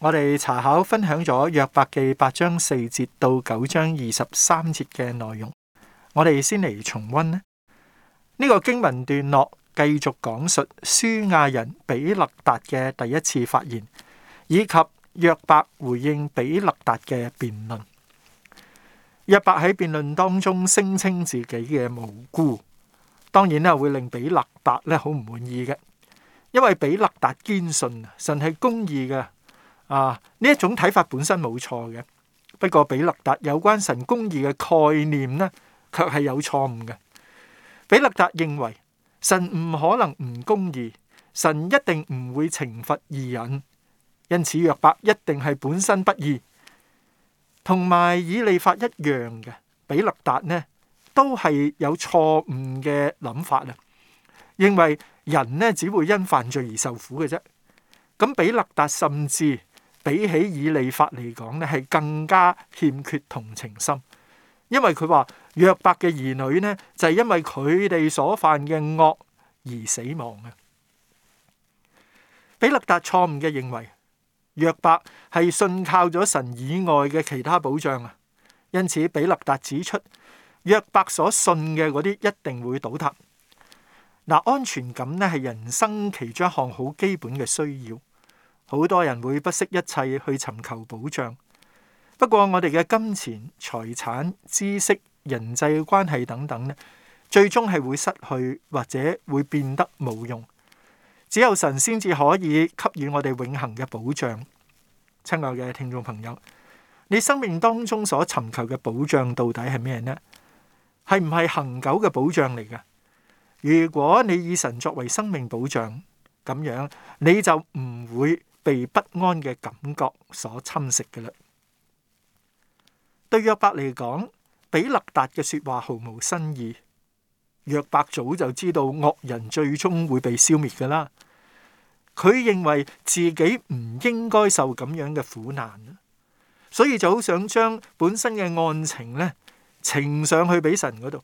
我哋查考分享咗約伯記八章四節到九章二十三節嘅內容，我哋先嚟重溫呢。呢、這個經文段落繼續講述書亞人比勒達嘅第一次發言，以及約伯回應比勒達嘅辯論。約伯喺辯論當中聲稱自己嘅無辜，當然咧會令比勒達咧好唔滿意嘅，因為比勒達堅信神係公義嘅。啊！呢一種睇法本身冇錯嘅，不過比勒達有關神公義嘅概念呢，卻係有錯誤嘅。比勒達認為神唔可能唔公義，神一定唔會懲罰義人，因此約伯一定係本身不義。同埋以利法一樣嘅比勒達呢，都係有錯誤嘅諗法啊！認為人呢只會因犯罪而受苦嘅啫，咁比勒達甚至比起以利法嚟講咧，係更加欠缺同情心，因為佢話約伯嘅兒女呢，就係因為佢哋所犯嘅惡而死亡嘅。比勒達錯誤嘅認為約伯係信靠咗神以外嘅其他保障啊，因此比勒達指出約伯所信嘅嗰啲一定會倒塌。嗱，安全感呢係人生其中一項好基本嘅需要。好多人會不惜一切去尋求保障，不過我哋嘅金錢、財產、知識、人際關係等等咧，最終係會失去或者會變得冇用。只有神先至可以給予我哋永恆嘅保障。親愛嘅聽眾朋友，你生命當中所尋求嘅保障到底係咩呢？係唔係恆久嘅保障嚟㗎？如果你以神作為生命保障，咁樣你就唔會被不安嘅感覺所侵蝕嘅啦，對約伯嚟講，比勒達嘅說話毫無新意。約伯早就知道惡人最終會被消滅嘅啦，佢認為自己唔應該受咁樣嘅苦難，所以就好想將本身嘅案情呢呈上去俾神嗰度。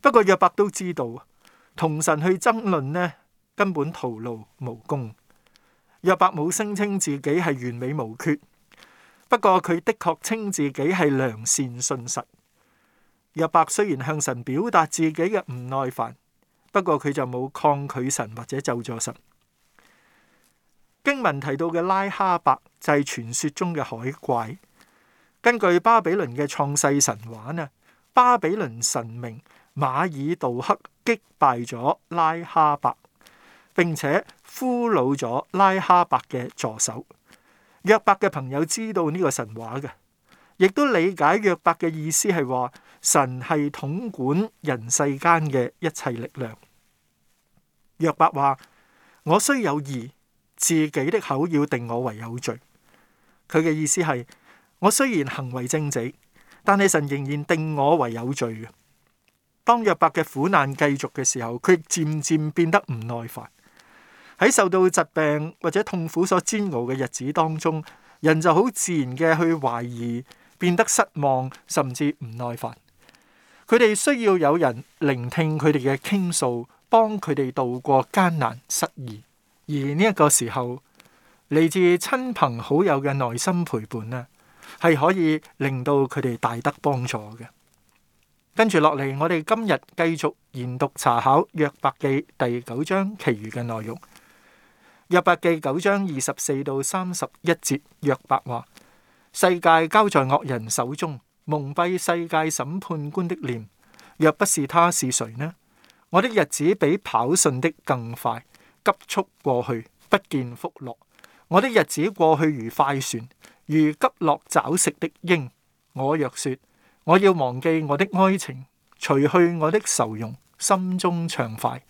不過約伯都知道，同神去爭論呢，根本徒勞無功。約伯冇聲稱自己係完美無缺，不過佢的確稱自己係良善信實。約伯雖然向神表達自己嘅唔耐煩，不過佢就冇抗拒神或者咒助神。經文提到嘅拉哈伯就係傳說中嘅海怪。根據巴比倫嘅創世神話呢，巴比倫神明馬爾杜克擊敗咗拉哈伯。並且俘虜咗拉哈伯嘅助手。約伯嘅朋友知道呢個神話嘅，亦都理解約伯嘅意思係話神係統管人世間嘅一切力量。約伯話：我雖有義，自己的口要定我為有罪。佢嘅意思係：我雖然行為正直，但係神仍然定我為有罪嘅。當約伯嘅苦難繼續嘅時候，佢漸漸變得唔耐煩。喺受到疾病或者痛苦所煎熬嘅日子當中，人就好自然嘅去懷疑，變得失望，甚至唔耐煩。佢哋需要有人聆聽佢哋嘅傾訴，幫佢哋度過艱難失意。而呢一個時候，嚟自親朋好友嘅耐心陪伴咧，係可以令到佢哋大得幫助嘅。跟住落嚟，我哋今日繼續研讀查考《約伯記》第九章其餘嘅內容。約伯記九章二十四到三十一節，約伯話：世界交在惡人手中，蒙蔽世界審判官的臉，若不是他是誰呢？我的日子比跑信的更快，急速過去，不見福樂。我的日子過去如快船，如急落找食的鷹。我若說我要忘記我的哀情，除去我的愁容，心中暢快，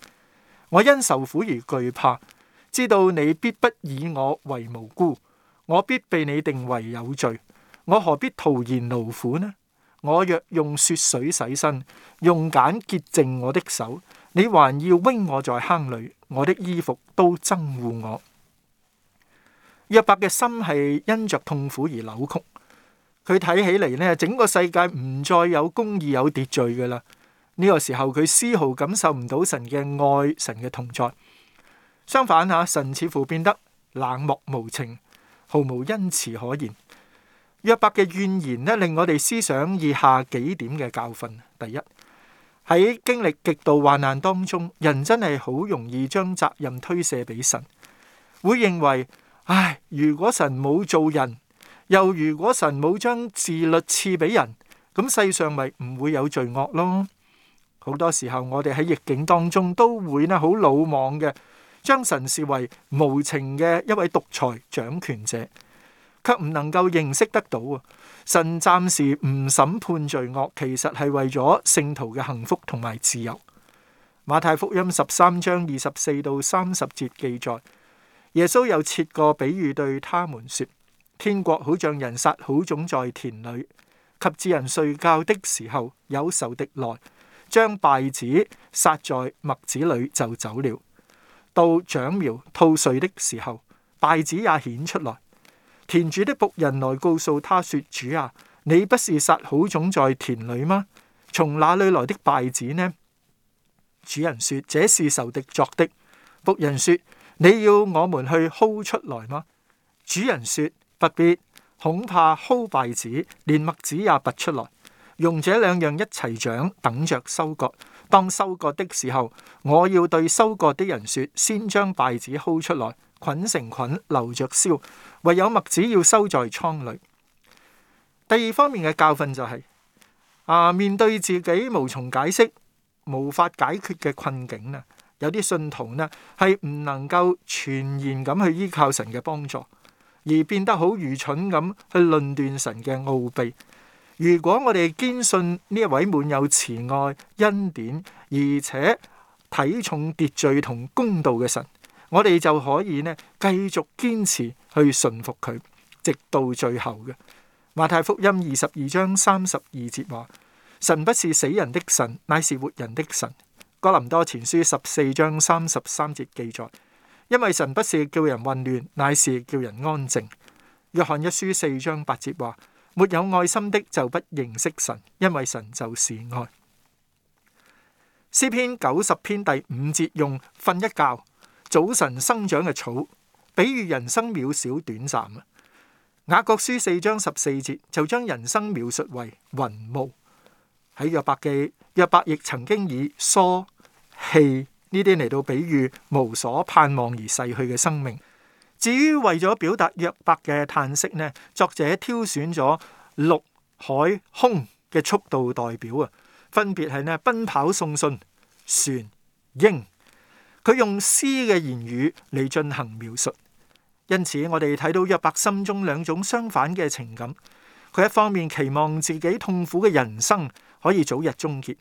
我因受苦而懼怕。知道你必不以我為無辜，我必被你定為有罪，我何必徒然勞苦呢？我若用雪水洗身，用鹼潔淨我的手，你還要扔我在坑裏，我的衣服都憎惡我。約伯嘅心係因着痛苦而扭曲，佢睇起嚟呢，整個世界唔再有公義有秩序噶啦。呢個時候佢絲毫感受唔到神嘅愛，神嘅同在。相反吓，神似乎變得冷漠無情，毫無恩慈可言。約伯嘅怨言咧，令我哋思想以下幾點嘅教訓：第一，喺經歷極度患難當中，人真係好容易將責任推卸俾神，會認為唉，如果神冇做人，又如果神冇將自律賜俾人，咁世上咪唔會有罪惡咯。好多時候我哋喺逆境當中都會咧好魯莽嘅。將神視為無情嘅一位獨裁掌權者，卻唔能夠認識得到，神暫時唔審判罪惡，其實係為咗聖徒嘅幸福同埋自由。馬太福音十三章二十四到三十節記載，耶穌又設個比喻對他們說：天國好像人撒好種在田裏，及至人睡覺的時候，有仇敵來將稗子撒在麥子裏，就走了。到長苗吐穗的時候，稗子也顯出來。田主的僕人來告訴他說：主啊，你不是撒好種在田裏嗎？從哪裏來的稗子呢？主人說：這是仇敵作的。僕人說：你要我們去薅出來嗎？主人說：不必，恐怕薅稗子，連麥子也拔出來，容這兩樣一齊長，等着收割。當收割的時候，我要對收割的人說：先將稗子薅出來，捆成捆留着燒；唯有麥子要收在倉裏。第二方面嘅教訓就係、是，啊面對自己無從解釋、無法解決嘅困境呢，有啲信徒呢係唔能夠全然咁去依靠神嘅幫助，而變得好愚蠢咁去論斷神嘅奧秘。如果我哋堅信呢一位滿有慈愛、恩典，而且體重秩序同公道嘅神，我哋就可以呢繼續堅持去順服佢，直到最後嘅。馬太福音二十二章三十二節話：神不是死人的神，乃是活人的神。哥林多前書十四章三十三節記載：因為神不是叫人混亂，乃是叫人安靜。約翰一書四章八節話。沒有愛心的就不認識神，因為神就是愛。詩篇九十篇第五節用瞓一覺早晨生長嘅草，比喻人生渺小短暫。雅各書四章十四節就將人生描述為雲霧。喺約伯記，約伯亦曾經以疏氣呢啲嚟到比喻無所盼望而逝去嘅生命。至於為咗表達約伯嘅嘆息呢，作者挑選咗陸、海、空嘅速度代表啊，分別係呢，奔跑送信船、鷹。佢用詩嘅言語嚟進行描述，因此我哋睇到約伯心中兩種相反嘅情感。佢一方面期望自己痛苦嘅人生可以早日終結，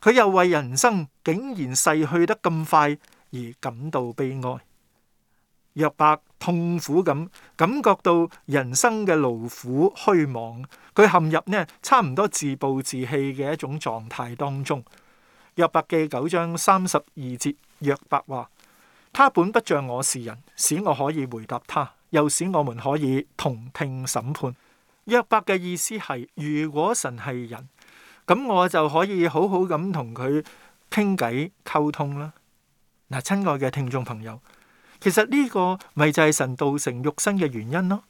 佢又為人生竟然逝去得咁快而感到悲哀。約伯。痛苦咁感,感覺到人生嘅勞苦虛妄，佢陷入呢差唔多自暴自棄嘅一種狀態當中。約伯記九章三十二節，約伯話：他本不像我是人，使我可以回答他，又使我們可以同聽審判。約伯嘅意思係：如果神係人，咁我就可以好好咁同佢傾偈溝通啦。嗱，親愛嘅聽眾朋友。其實呢個咪就係神道成肉身嘅原因咯，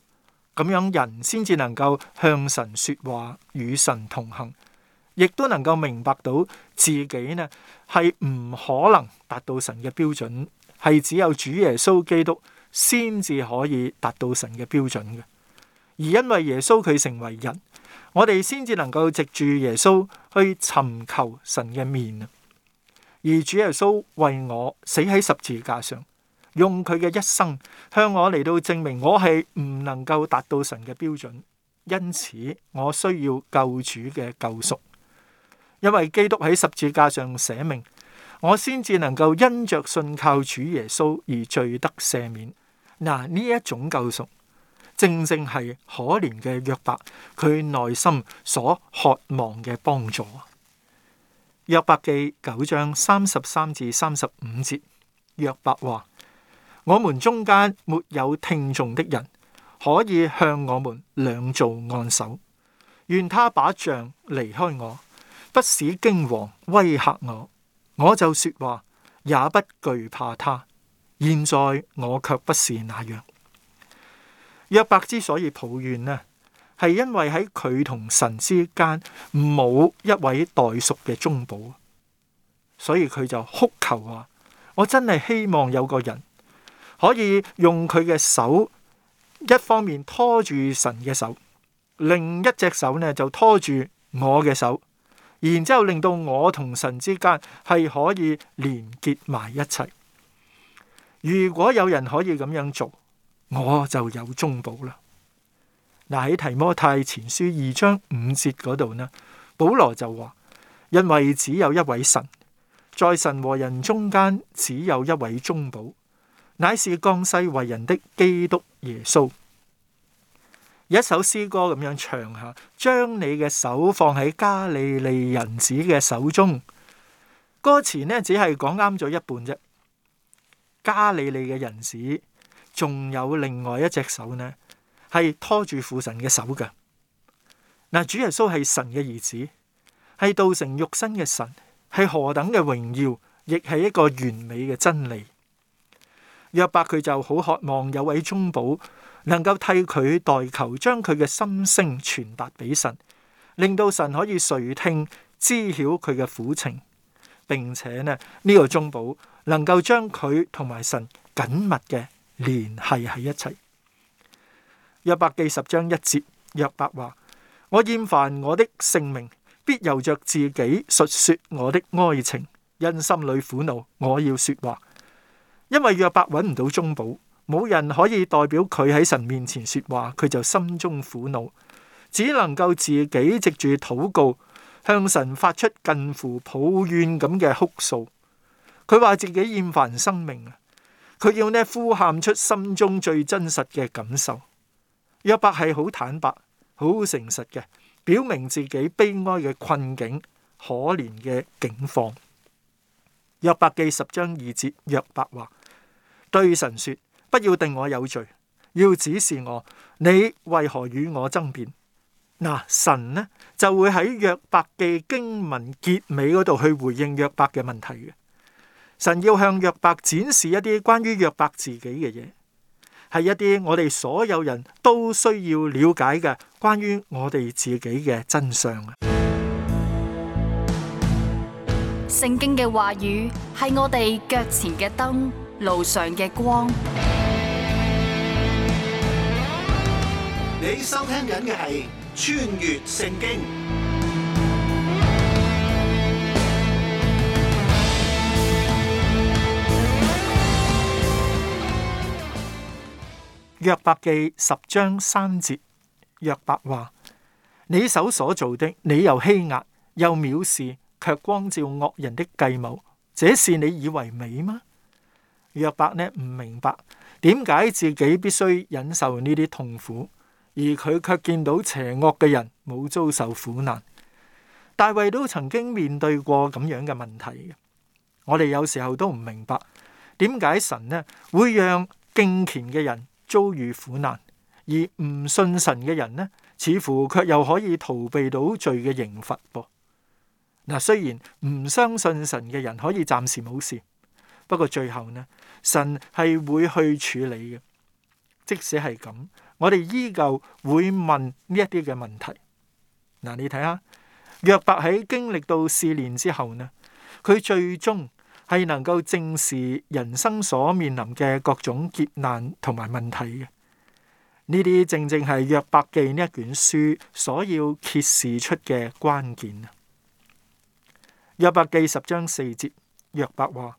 咁樣人先至能夠向神說話，與神同行，亦都能夠明白到自己呢係唔可能達到神嘅標準，係只有主耶穌基督先至可以達到神嘅標準嘅。而因為耶穌佢成為人，我哋先至能夠藉住耶穌去尋求神嘅面。而主耶穌為我死喺十字架上。用佢嘅一生向我嚟到證明，我係唔能夠達到神嘅標準，因此我需要救主嘅救贖。因為基督喺十字架上捨命，我先至能夠因着信靠主耶穌而罪得赦免。嗱，呢一種救贖正正係可憐嘅約伯佢內心所渴望嘅幫助。約伯記九章三十三至三十五節，約伯話。我們中間沒有聽訟的人可以向我們兩造按手，願他把杖離開我，不使驚惶威嚇我，我就說話也不懼怕他。現在我卻不是那樣。約伯之所以抱怨呢，係因為喺佢同神之間冇一位代贖嘅中保，所以佢就哭求話：我真係希望有個人。可以用佢嘅手，一方面拖住神嘅手，另一隻手呢就拖住我嘅手，然之後令到我同神之間係可以連結埋一齊。如果有人可以咁樣做，我就有中保啦。嗱，喺提摩太前書二章五節嗰度呢，保羅就話：因為只有一位神，在神和人中間只有一位中保。乃是降世為人的基督耶穌，一首詩歌咁樣唱下：將你嘅手放喺加利利人子嘅手中。歌詞呢只係講啱咗一半啫。加利利嘅人子仲有另外一隻手呢，係拖住父神嘅手嘅。嗱，主耶穌係神嘅兒子，係道成肉身嘅神，係何等嘅榮耀，亦係一個完美嘅真理。約伯佢就好渴望有位中保能夠替佢代求，將佢嘅心聲傳達俾神，令到神可以垂聽，知曉佢嘅苦情，並且呢呢、這個中保能夠將佢同埋神緊密嘅聯繫喺一齊。約伯記十章一節，約伯話：我厭煩我的性命，必由着自己述說我的哀情，因心裏苦惱，我要說話。因為約伯搵唔到中保，冇人可以代表佢喺神面前說話，佢就心中苦惱，只能夠自己藉住禱告向神發出近乎抱怨咁嘅哭訴。佢話自己厭煩生命啊！佢要呢呼喊出心中最真實嘅感受。約伯係好坦白、好誠實嘅，表明自己悲哀嘅困境、可憐嘅境況。約伯記十章二節，約伯話。對神說：不要定我有罪，要指示我。你為何與我爭辯？嗱、呃，神呢就會喺約伯記經文結尾嗰度去回應約伯嘅問題嘅。神要向約伯展示一啲關於約伯自己嘅嘢，係一啲我哋所有人都需要了解嘅關於我哋自己嘅真相啊！聖經嘅話語係我哋腳前嘅燈。路上嘅光，你收聽緊嘅係《穿越聖經》。約伯記十章三節，約伯話：你手所做的，你又欺壓，又藐視，卻光照惡人的計謀，這是你以為美嗎？約伯呢唔明白點解自己必須忍受呢啲痛苦，而佢卻見到邪惡嘅人冇遭受苦難。大衛都曾經面對過咁樣嘅問題嘅。我哋有時候都唔明白點解神呢會讓敬虔嘅人遭遇苦難，而唔信神嘅人呢，似乎卻又可以逃避到罪嘅刑罰噃。嗱，雖然唔相信神嘅人可以暫時冇事。不過最後呢，神係會去處理嘅，即使係咁，我哋依舊會問呢一啲嘅問題。嗱，你睇下，約伯喺經歷到四年之後呢，佢最終係能夠正視人生所面臨嘅各種劫難同埋問題嘅。呢啲正正係約伯記呢一卷書所要揭示出嘅關鍵啊！約伯記十章四節，約伯話。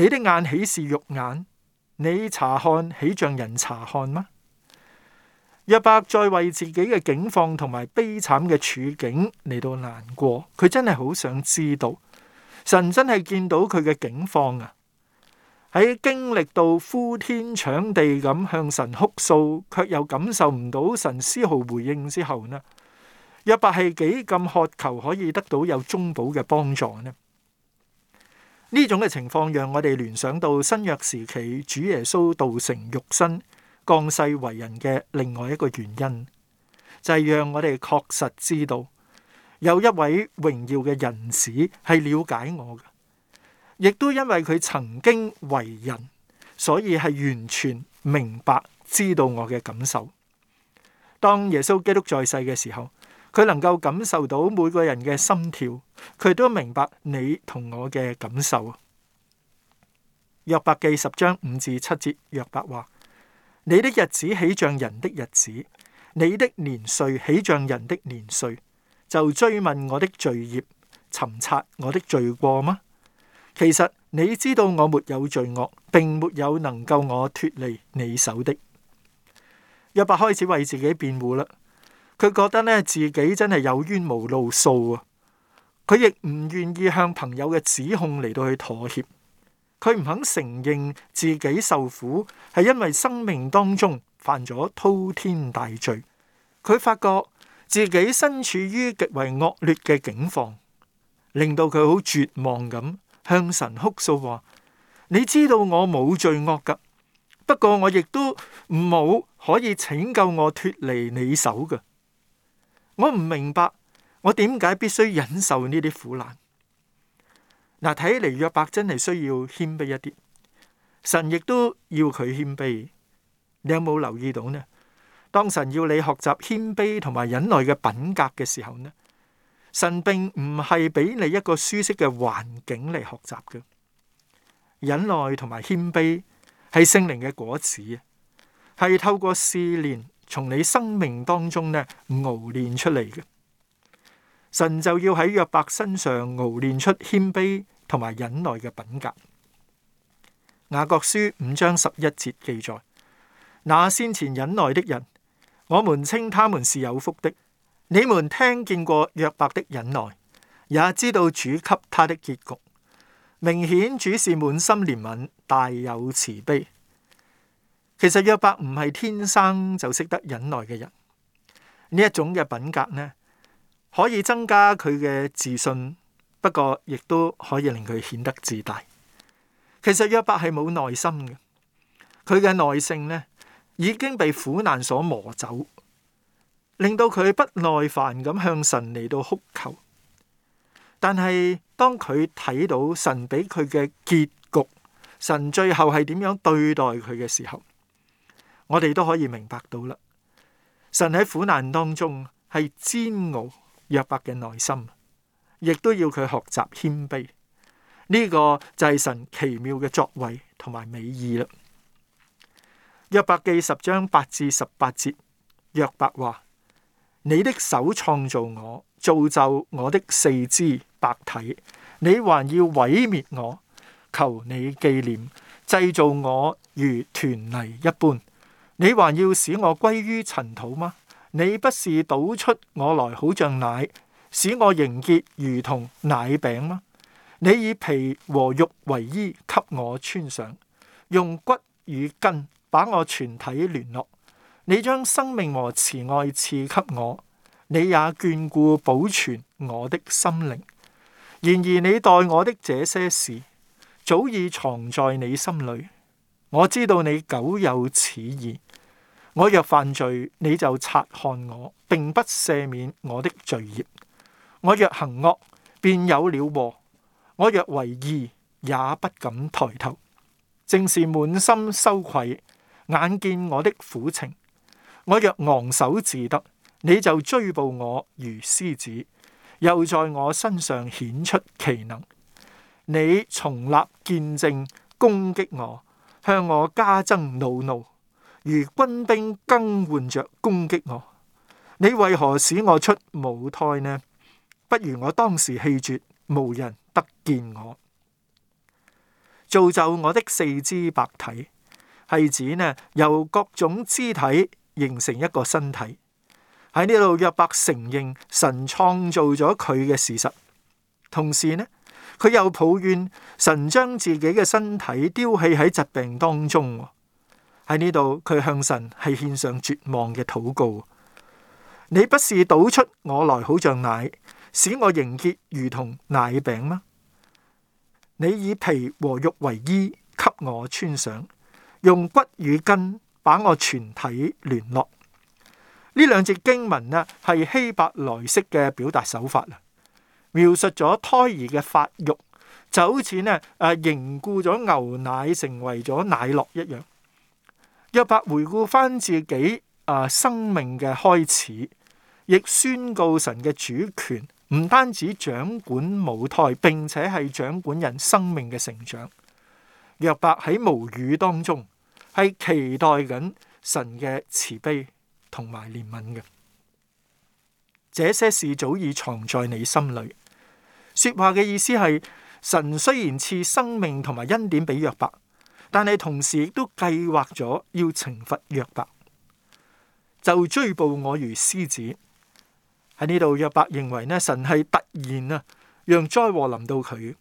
你的眼豈是肉眼？你查看豈像人查看嗎？約伯再為自己嘅境況同埋悲慘嘅處境嚟到難過，佢真係好想知道神真係見到佢嘅境況啊！喺經歷到呼天搶地咁向神哭訴，卻又感受唔到神絲毫回應之後呢，約伯係幾咁渴求可以得到有中保嘅幫助呢？呢種嘅情況讓我哋聯想到新約時期主耶穌道成肉身降世為人嘅另外一個原因，就係、是、讓我哋確實知道有一位榮耀嘅人子係了解我嘅，亦都因為佢曾經為人，所以係完全明白知道我嘅感受。當耶穌基督在世嘅時候。佢能夠感受到每個人嘅心跳，佢都明白你同我嘅感受。約伯記十章五至七節，約伯話：你的日子豈像人的日子，你的年歲豈像人的年歲，就追問我的罪孽，尋查我的罪過嗎？其實你知道我沒有罪惡，並沒有能夠我脫離你手的。約伯開始為自己辯護啦。佢覺得咧自己真係有冤無路訴啊！佢亦唔願意向朋友嘅指控嚟到去妥協，佢唔肯承認自己受苦係因為生命當中犯咗滔天大罪。佢發覺自己身處於極為惡劣嘅境況，令到佢好絕望咁向神哭訴：話你知道我冇罪惡噶，不過我亦都冇可以拯救我脱離你手噶。我唔明白，我點解必須忍受呢啲苦難？嗱，睇嚟約伯真係需要謙卑一啲，神亦都要佢謙卑。你有冇留意到呢？當神要你學習謙卑同埋忍耐嘅品格嘅時候呢，神並唔係俾你一個舒適嘅環境嚟學習嘅，忍耐同埋謙卑係聖靈嘅果子啊，係透過試煉，從你生命當中呢，熬練出嚟嘅，神就要喺約伯身上熬練出謙卑同埋忍耐嘅品格。雅各書五章十一節記載：那先前忍耐的人，我們稱他們是有福的。你們聽見過約伯的忍耐，也知道主給他的結局。明顯主是滿心憐憫，大有慈悲。其實約伯唔係天生就識得忍耐嘅人，呢一種嘅品格呢，可以增加佢嘅自信，不過亦都可以令佢顯得自大。其實約伯係冇耐心嘅，佢嘅耐性呢已經被苦難所磨走，令到佢不耐煩咁向神嚟到哭求。但係當佢睇到神俾佢嘅結局，神最後係點樣對待佢嘅時候，我哋都可以明白到啦。神喺苦難當中係煎熬約伯嘅內心，亦都要佢學習謙卑。呢個就係神奇妙嘅作為同埋美意啦。約伯記十章八至十八節，約伯話：你的手創造我，造就我的四肢百體，你還要毀滅我，求你紀念，製造我如團泥一般。你還要使我歸於塵土嗎？你不是倒出我來，好像奶，使我凝結如同奶餅嗎？你以皮和肉為衣，給我穿上，用骨與筋把我全體聯絡。你將生命和慈愛賜給我，你也眷顧保存我的心靈。然而你待我的這些事，早已藏在你心裏。我知道你久有此意。我若犯罪，你就察看我，並不赦免我的罪孽；我若行惡，便有了禍；我若為義，也不敢抬頭，正是滿心羞愧，眼見我的苦情。我若昂首自得，你就追捕我如獅子，又在我身上顯出奇能。你重立見證攻擊我，向我加增惱怒。如軍兵更換着攻擊我，你為何使我出母胎呢？不如我當時氣絕，無人得見我，造就我的四肢百體，係指呢，由各種肢體形成一個身體。喺呢度約伯承認神創造咗佢嘅事實，同時呢佢又抱怨神將自己嘅身體丟棄喺疾病當中。喺呢度，佢向神係獻上絕望嘅禱告。你不是倒出我來，好像奶，使我凝結如同奶餅嗎？你以皮和肉為衣，給我穿上，用骨與筋把我全體聯絡。呢兩節經文呢，係希伯來式嘅表達手法啊，描述咗胎兒嘅發育，就好似呢誒凝固咗牛奶成為咗奶酪一樣。約伯回顧翻自己啊生命嘅開始，亦宣告神嘅主權，唔單止掌管母胎，並且係掌管人生命嘅成長。約伯喺無語當中，係期待緊神嘅慈悲同埋憐憫嘅。這些事早已藏在你心裏。說話嘅意思係，神雖然賜生命同埋恩典俾約伯。但係同時亦都計劃咗要懲罰約伯，就追捕我如獅子。喺呢度，約伯認為呢神係突然啊，讓災禍臨到佢。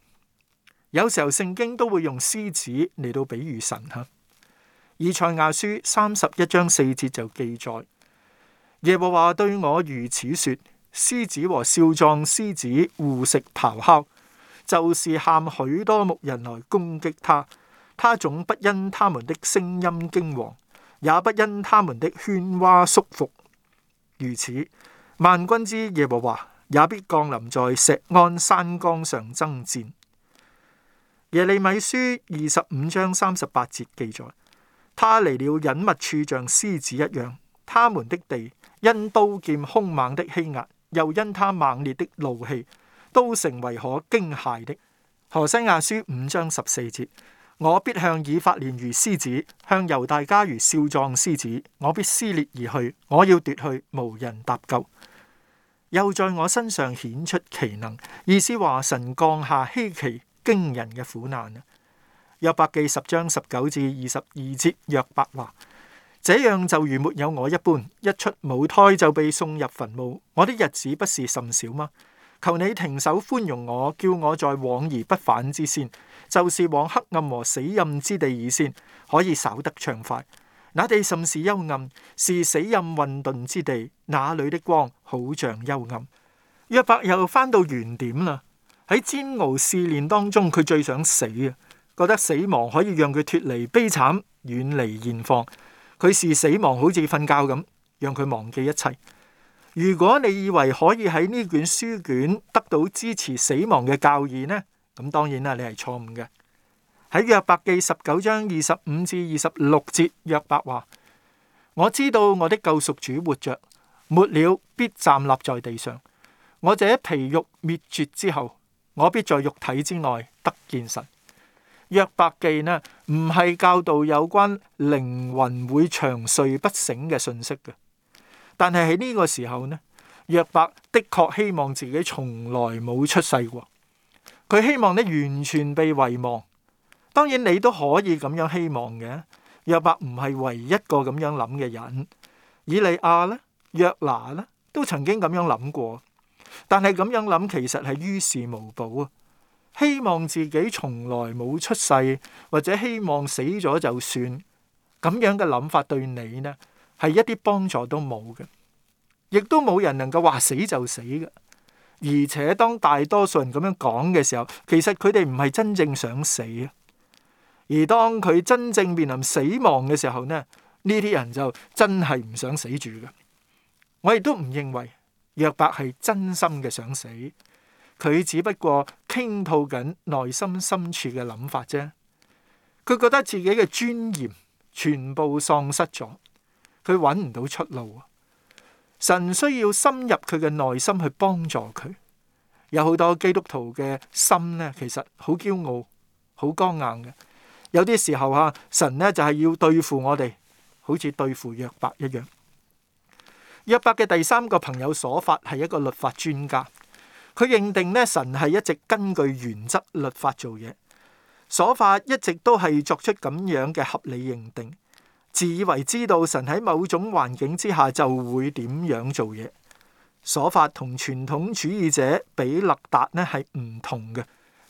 有時候聖經都會用獅子嚟到比喻神吓。以賽亞書三十一章四節就記載：耶和華對我如此說，獅子和少壯獅,獅子互食咆哮，就是喊許多牧人來攻擊他。他總不因他們的聲音驚惶，也不因他們的喧嘩束縛。如此，萬軍之耶和華也必降臨在錫安山崗上爭戰。耶利米書二十五章三十八節記載：他離了隱密處，像獅子一樣。他們的地因刀劍凶猛的欺壓，又因他猛烈的怒氣，都成為可驚駭的。何西亞書五章十四節。我必向以法蓮如獅子，向猶大家如少壯獅子，我必撕裂而去。我要奪去，無人搭救。又在我身上顯出奇能，意思話神降下稀奇驚人嘅苦難啊！約伯記十章十九至二十二節，約伯話：這樣就如沒有我一般，一出母胎就被送入墳墓。我的日子不是甚少嗎？求你停手寬容我，叫我在往而不返之先，就是往黑暗和死蔭之地以先，可以稍得暢快。那地甚是幽暗，是死蔭混沌之地。那裏的光好像幽暗。約伯又翻到原點啦。喺煎熬試煉當中，佢最想死啊，覺得死亡可以讓佢脫離悲慘，遠離現況。佢視死亡好似瞓覺咁，讓佢忘記一切。如果你以為可以喺呢卷書卷得到支持死亡嘅教義呢？咁當然啦，你係錯誤嘅。喺約伯記十九章二十五至二十六節，約伯話：我知道我的救贖主活着，末了必站立在地上。我這皮肉滅絕之後，我必在肉體之外得見神。約伯記呢，唔係教導有關靈魂會長睡不醒嘅信息嘅。但係喺呢個時候呢，約伯的確希望自己從來冇出世過，佢希望你完全被遺忘。當然你都可以咁樣希望嘅。約伯唔係唯一一個咁樣諗嘅人，以利亞咧、約拿咧都曾經咁樣諗過。但係咁樣諗其實係於事無補啊！希望自己從來冇出世，或者希望死咗就算，咁樣嘅諗法對你呢？係一啲幫助都冇嘅，亦都冇人能夠話死就死嘅。而且當大多數人咁樣講嘅時候，其實佢哋唔係真正想死啊。而當佢真正面臨死亡嘅時候呢，呢啲人就真係唔想死住嘅。我亦都唔認為約伯係真心嘅想死，佢只不過傾吐緊內心深處嘅諗法啫。佢覺得自己嘅尊嚴全部喪失咗。佢搵唔到出路，神需要深入佢嘅內心去幫助佢。有好多基督徒嘅心呢，其實好驕傲、好剛硬嘅。有啲時候吓，神呢就係要對付我哋，好似對付約伯一樣。約伯嘅第三個朋友瑣法係一個律法專家，佢認定呢神係一直根據原則律法做嘢，瑣法一直都係作出咁樣嘅合理認定。自以為知道神喺某種環境之下就會點樣做嘢。所法同傳統主義者比勒達呢係唔同嘅。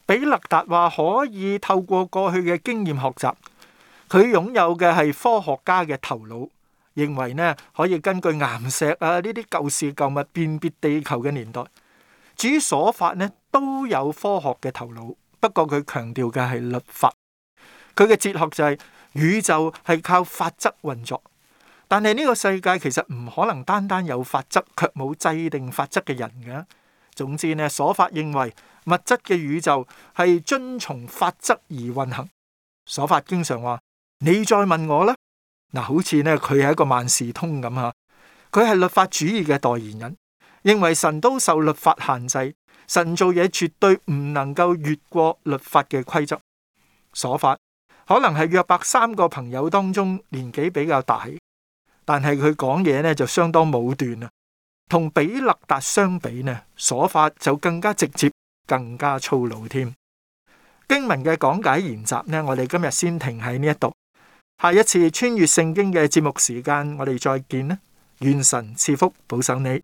比勒達話可以透過過去嘅經驗學習，佢擁有嘅係科學家嘅頭腦，認為呢可以根據岩石啊呢啲舊事舊物辨別地球嘅年代。至於所法呢，都有科學嘅頭腦，不過佢強調嘅係律法，佢嘅哲學就係。宇宙係靠法則運作，但係呢個世界其實唔可能單單有法則卻冇制定法則嘅人嘅。總之呢，所法認為物質嘅宇宙係遵從法則而運行。所法經常話：你再問我啦，嗱，好似呢佢係一個萬事通咁嚇，佢係律法主義嘅代言人，認為神都受律法限制，神做嘢絕對唔能夠越過律法嘅規則。所法。可能係約伯三個朋友當中年紀比較大，但係佢講嘢咧就相當武斷啊。同比勒達相比呢，瑣法就更加直接，更加粗魯添。經文嘅講解研習呢，我哋今日先停喺呢一度。下一次穿越聖經嘅節目時間，我哋再見啦。願神賜福保守你。